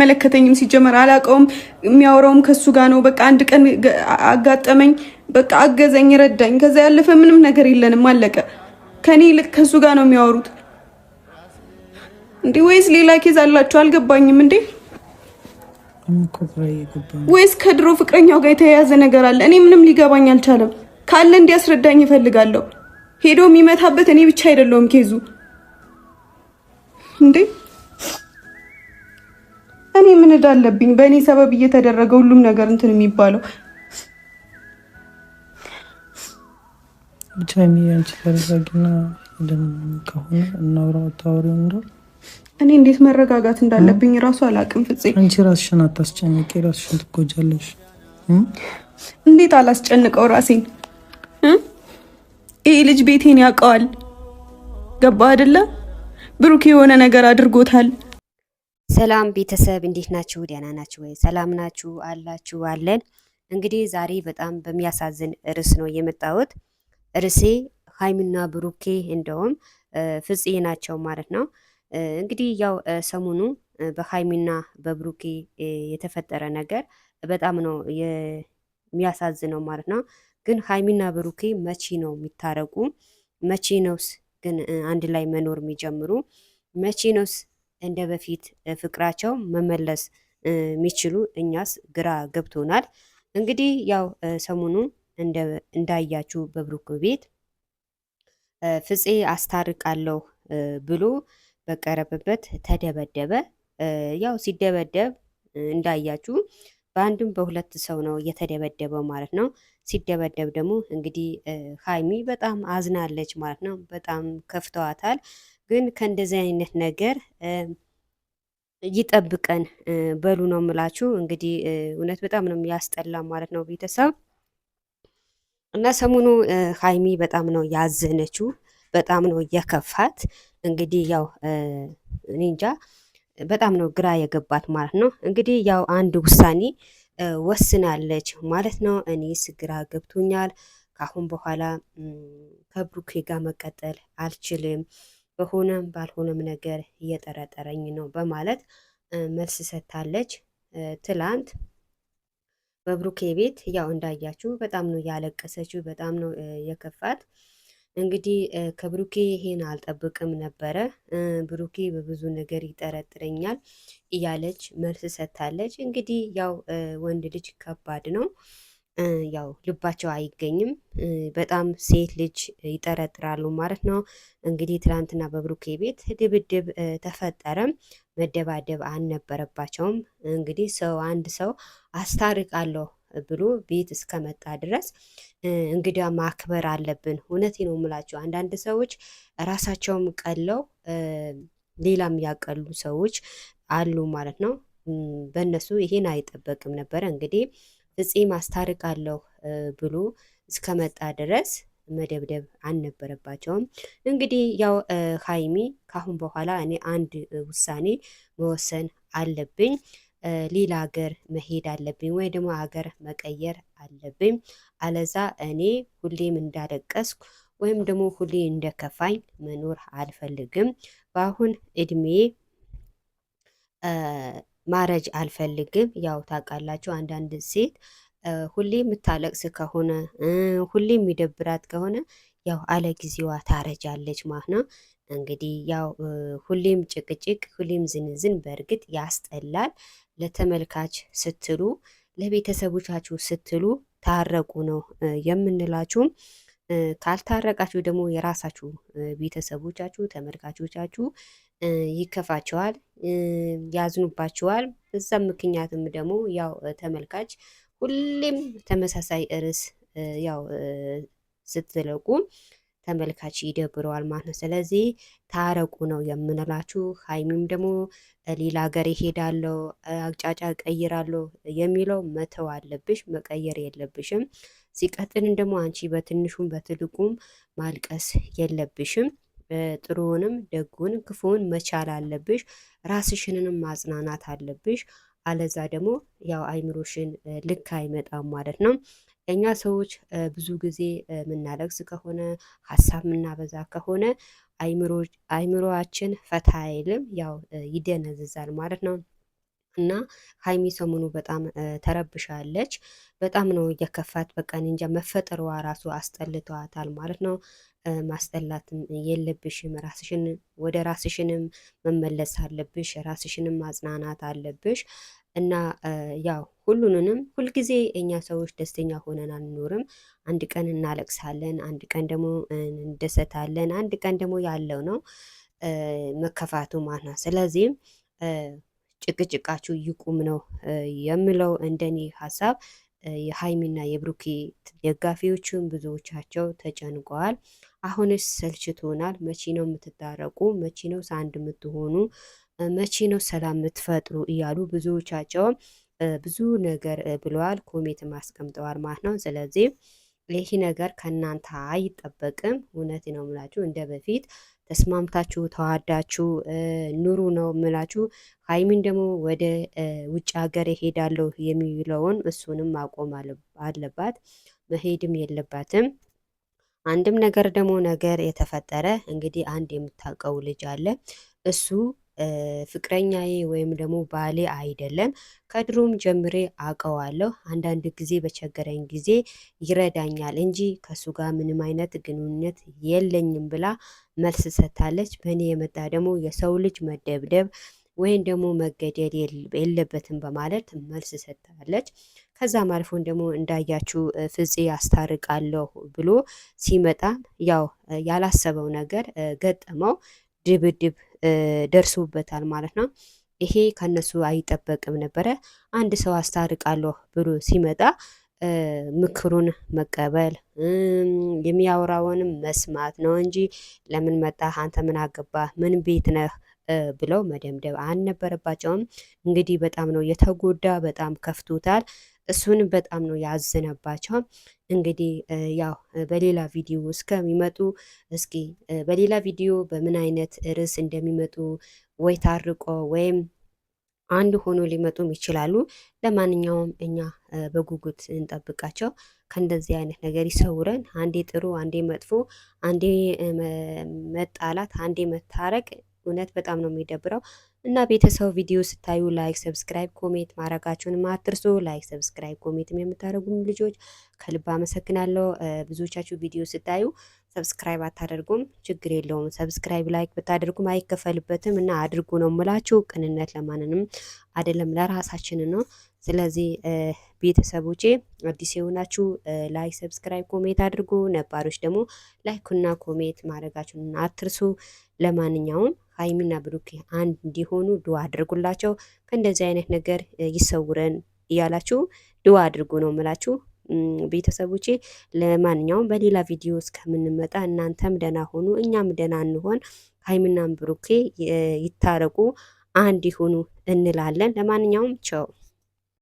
አይመለከተኝም። ሲጀመር አላውቀውም። የሚያወራውም ከሱ ጋር ነው። በቃ አንድ ቀን አጋጠመኝ። በቃ አገዘኝ፣ ረዳኝ። ከዛ ያለፈ ምንም ነገር የለንም። አለቀ። ከኔ ይልቅ ከሱ ጋር ነው የሚያወሩት እንዴ? ወይስ ሌላ ኬዝ አላችሁ? አልገባኝም እንዴ ወይስ ከድሮ ፍቅረኛው ጋር የተያያዘ ነገር አለ? እኔ ምንም ሊገባኝ አልቻለም። ካለ እንዲያስረዳኝ ይፈልጋለሁ ሄዶ የሚመታበት እኔ ብቻ አይደለውም ኬዙ እንዴ እኔ ምን ዕዳ አለብኝ? በእኔ ሰበብ እየተደረገ ሁሉም ነገር እንትን የሚባለው ብቻ የሚያን ተረጋጊና ከሆነ እናውራ። አታወሪው እንደው እኔ እንዴት መረጋጋት እንዳለብኝ ራሱ አላውቅም። ፍፄ አንቺ ራስሽን አታስጨንቂ፣ ራስሽን ትጎጃለሽ። እንዴት አላስጨንቀው ራሴን። ይሄ ልጅ ቤቴን ያውቀዋል። ገባ አይደለ? ብሩክ የሆነ ነገር አድርጎታል። ሰላም ቤተሰብ እንዴት ናችሁ? ደህና ናችሁ ወይ? ሰላም ናችሁ አላችሁ አለን። እንግዲህ ዛሬ በጣም በሚያሳዝን ርዕስ ነው የመጣሁት። ርዕሴ ሀይሚና ብሩኬ እንደውም ፍጽዬ ናቸው ማለት ነው። እንግዲህ ያው ሰሞኑ በሀይሚና በብሩኬ የተፈጠረ ነገር በጣም ነው የሚያሳዝነው ማለት ነው። ግን ሀይሚና ብሩኬ መቼ ነው የሚታረቁ? መቼ ነውስ ግን አንድ ላይ መኖር የሚጀምሩ? መቼ ነውስ እንደ በፊት ፍቅራቸው መመለስ የሚችሉ እኛስ ግራ ገብቶናል። እንግዲህ ያው ሰሞኑ እንዳያችሁ በብሩክ ቤት ፍፄ አስታርቃለሁ ብሎ በቀረበበት ተደበደበ። ያው ሲደበደብ እንዳያችሁ በአንድም በሁለት ሰው ነው የተደበደበው ማለት ነው። ሲደበደብ ደግሞ እንግዲህ ሀይሚ በጣም አዝናለች ማለት ነው። በጣም ከፍተዋታል። ግን ከእንደዚህ አይነት ነገር ይጠብቀን በሉ ነው ምላችሁ። እንግዲህ እውነት በጣም ነው ያስጠላ ማለት ነው ቤተሰብ እና ሰሞኑ ሀይሚ በጣም ነው ያዘነችው፣ በጣም ነው የከፋት። እንግዲህ ያው ኒንጃ በጣም ነው ግራ የገባት ማለት ነው። እንግዲህ ያው አንድ ውሳኔ ወስናለች ማለት ነው። እኔስ ግራ ገብቶኛል። ከአሁን በኋላ ከብሩኬ ጋር መቀጠል አልችልም በሆነም ባልሆነም ነገር እየጠረጠረኝ ነው በማለት መልስ ሰጥታለች። ትላንት በብሩኬ ቤት ያው እንዳያችሁ በጣም ነው ያለቀሰችው፣ በጣም ነው የከፋት። እንግዲህ ከብሩኬ ይሄን አልጠብቅም ነበረ፣ ብሩኬ በብዙ ነገር ይጠረጥረኛል እያለች መልስ ሰጥታለች። እንግዲህ ያው ወንድ ልጅ ከባድ ነው። ያው ልባቸው አይገኝም። በጣም ሴት ልጅ ይጠረጥራሉ ማለት ነው። እንግዲህ ትናንትና በብሩኬ ቤት ድብድብ ተፈጠረም። መደባደብ አልነበረባቸውም። እንግዲህ ሰው አንድ ሰው አስታርቃለሁ ብሎ ቤት እስከመጣ ድረስ እንግዳ ማክበር አለብን። እውነቴ ነው የምላቸው አንዳንድ ሰዎች ራሳቸውም ቀለው ሌላም ያቀሉ ሰዎች አሉ ማለት ነው። በእነሱ ይሄን አይጠበቅም ነበረ እንግዲህ ፍፄ ማስታርቃለሁ ብሎ እስከመጣ ድረስ መደብደብ አልነበረባቸውም። እንግዲህ ያው ሀይሚ ካሁን በኋላ እኔ አንድ ውሳኔ መወሰን አለብኝ፣ ሌላ ሀገር መሄድ አለብኝ ወይ ደግሞ ሀገር መቀየር አለብኝ። አለዛ እኔ ሁሌም እንዳለቀስኩ ወይም ደግሞ ሁሌ እንደከፋኝ መኖር አልፈልግም። በአሁን እድሜ ማረጅ አልፈልግም። ያው ታውቃላችሁ፣ አንዳንድ ሴት ሁሌ የምታለቅስ ከሆነ ሁሌ የሚደብራት ከሆነ ያው አለ ጊዜዋ ታረጃለች ማለት ነው። እንግዲህ ያው ሁሌም ጭቅጭቅ፣ ሁሌም ዝንዝን በእርግጥ ያስጠላል። ለተመልካች ስትሉ፣ ለቤተሰቦቻችሁ ስትሉ ታረቁ ነው የምንላችሁም ካልታረቃችሁ ደግሞ የራሳችሁ ቤተሰቦቻችሁ፣ ተመልካቾቻችሁ ይከፋቸዋል፣ ያዝኑባቸዋል። በዛም ምክንያትም ደግሞ ያው ተመልካች ሁሌም ተመሳሳይ ርዕስ ያው ስትለቁ ተመልካች ይደብረዋል ማለት ነው። ስለዚህ ታረቁ ነው የምንላችሁ። ሀይሚም ደግሞ ሌላ ሀገር ይሄዳለው አቅጫጫ ቀይራለሁ የሚለው መተው አለብሽ፣ መቀየር የለብሽም። ሲቀጥልን ደግሞ አንቺ በትንሹም በትልቁም ማልቀስ የለብሽም። ጥሩውንም ደጉን ክፉውን መቻል አለብሽ። ራስሽንንም ማጽናናት አለብሽ። አለዛ ደግሞ ያው አይምሮሽን ልክ አይመጣም ማለት ነው። እኛ ሰዎች ብዙ ጊዜ የምናለቅስ ከሆነ ሀሳብ የምናበዛ ከሆነ አይምሮአችን ፈታ አይልም፣ ያው ይደነዝዛል ማለት ነው። እና ሀይሚ ሰሞኑ በጣም ተረብሻለች። በጣም ነው እየከፋት። በቃ እንጃ መፈጠሯ ራሱ አስጠልቷታል ማለት ነው። ማስጠላትም የለብሽም ራስሽን ወደ ራስሽንም መመለስ አለብሽ። ራስሽንም ማጽናናት አለብሽ። እና ያው ሁሉንንም ሁልጊዜ እኛ ሰዎች ደስተኛ ሆነን አንኖርም። አንድ ቀን እናለቅሳለን፣ አንድ ቀን ደግሞ እንደሰታለን፣ አንድ ቀን ደግሞ ያለው ነው መከፋቱ ማለት ነው። ስለዚህም ጭቅጭቃችሁ ይቁም ነው የምለው እንደኔ ሀሳብ። የሀይሚና የብሩኬ ደጋፊዎችን ብዙዎቻቸው ተጨንቀዋል። አሁንስ ሰልችቶናል። መቼ ነው የምትታረቁ? መቼ ነው አንድ የምትሆኑ? መቼ ነው ሰላም የምትፈጥሩ? እያሉ ብዙዎቻቸው ብዙ ነገር ብለዋል፣ ኮሜትም አስቀምጠዋል ማለት ነው። ስለዚህ ይህ ነገር ከእናንተ አይጠበቅም። እውነት ነው የምላችሁ እንደ በፊት ተስማምታችሁ ተዋዳችሁ ኑሩ ነው የምላችሁ። ሀይሚን ደግሞ ወደ ውጭ ሀገር ሄዳለሁ የሚለውን እሱንም ማቆም አለባት፣ መሄድም የለባትም። አንድም ነገር ደግሞ ነገር የተፈጠረ እንግዲህ አንድ የምታውቀው ልጅ አለ እሱ ፍቅረኛዬ ወይም ደግሞ ባሌ አይደለም። ከድሮም ጀምሬ አውቀዋለሁ። አንዳንድ ጊዜ በቸገረኝ ጊዜ ይረዳኛል እንጂ ከሱ ጋር ምንም አይነት ግንኙነት የለኝም ብላ መልስ ሰጥታለች። በእኔ የመጣ ደግሞ የሰው ልጅ መደብደብ ወይም ደግሞ መገደል የለበትም በማለት መልስ ሰጥታለች። ከዛም አልፎን ደግሞ እንዳያችሁ ፍፄ ያስታርቃለሁ ብሎ ሲመጣ ያው ያላሰበው ነገር ገጠመው። ድብድብ ደርሶበታል ማለት ነው። ይሄ ከነሱ አይጠበቅም ነበረ። አንድ ሰው አስታርቃለሁ ብሎ ሲመጣ ምክሩን መቀበል የሚያወራውንም መስማት ነው እንጂ ለምን መጣህ፣ አንተ ምን አገባህ፣ ምን ቤት ነህ ብለው መደምደብ አልነበረባቸውም። እንግዲህ በጣም ነው የተጎዳ፣ በጣም ከፍቶታል። እሱንም በጣም ነው ያዘነባቸው። እንግዲህ ያው በሌላ ቪዲዮ እስከሚመጡ እስኪ በሌላ ቪዲዮ በምን አይነት ርዕስ እንደሚመጡ ወይ ታርቆ ወይም አንድ ሆኖ ሊመጡም ይችላሉ። ለማንኛውም እኛ በጉጉት እንጠብቃቸው። ከእንደዚህ አይነት ነገር ይሰውረን። አንዴ ጥሩ፣ አንዴ መጥፎ፣ አንዴ መጣላት፣ አንዴ መታረቅ እውነት በጣም ነው የሚደብረው። እና ቤተሰብ ቪዲዮ ስታዩ ላይክ፣ ሰብስክራይብ፣ ኮሜንት ማድረጋችሁን አትርሱ። ላይክ፣ ሰብስክራይብ፣ ኮሜንት የምታደርጉም ልጆች ከልብ አመሰግናለሁ። ብዙዎቻችሁ ቪዲዮ ስታዩ ሰብስክራይብ አታደርጉም። ችግር የለውም። ሰብስክራይብ ላይክ ብታደርጉም አይከፈልበትም እና አድርጉ ነው የምላችሁ። ቅንነት ለማንንም አይደለም ለራሳችን ነው። ስለዚህ ቤተሰቦቼ አዲስ የሆናችሁ ላይክ፣ ሰብስክራይብ፣ ኮሜንት አድርጉ። ነባሮች ደግሞ ላይክና ኮሜንት ማድረጋችሁን አትርሱ። ለማንኛውም ሀይሚና ብሩኬ አንድ እንዲሆኑ ድዋ አድርጉላቸው። ከእንደዚህ አይነት ነገር ይሰውረን እያላችሁ ድዋ አድርጉ ነው ምላችሁ ቤተሰቦቼ። ለማንኛውም በሌላ ቪዲዮ እስከምንመጣ እናንተም ደህና ሆኑ፣ እኛም ደህና እንሆን። ሀይሚና ብሩኬ ይታረቁ፣ አንድ ይሁኑ እንላለን። ለማንኛውም ቸው